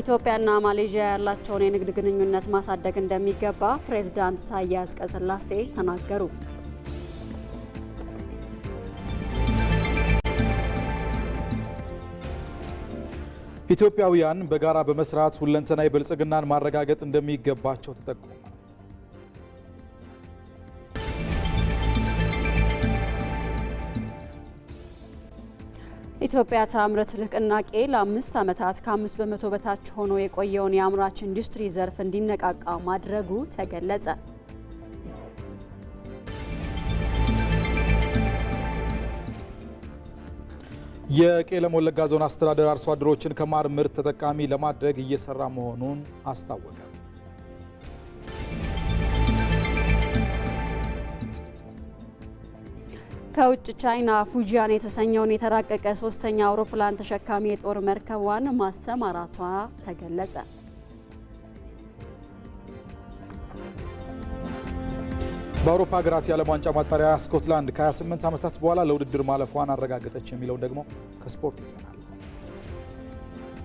ኢትዮጵያና ማሌዥያ ያላቸውን የንግድ ግንኙነት ማሳደግ እንደሚገባ ፕሬዝዳንት ታዬ አጽቀሥላሴ ተናገሩ። ኢትዮጵያውያን በጋራ በመስራት ሁለንተና የብልጽግናን ማረጋገጥ እንደሚገባቸው ተጠቆመ። ኢትዮጵያ ታምረት ንቅናቄ ለአምስት ዓመታት ከአምስት በመቶ በታች ሆኖ የቆየውን የአምራች ኢንዱስትሪ ዘርፍ እንዲነቃቃ ማድረጉ ተገለጸ። የቄለም ወለጋ ዞን አስተዳደር አርሶ አደሮችን ከማር ምርት ተጠቃሚ ለማድረግ እየሰራ መሆኑን አስታወቀ። ከውጭ ቻይና ፉጂያን የተሰኘውን የተራቀቀ ሶስተኛ አውሮፕላን ተሸካሚ የጦር መርከቧን ማሰማራቷ ተገለጸ። በአውሮፓ ሀገራት የዓለም ዋንጫ ማጣሪያ ስኮትላንድ ከ28 ዓመታት በኋላ ለውድድር ማለፏን አረጋገጠች። የሚለውን ደግሞ ከስፖርት ይዘናል።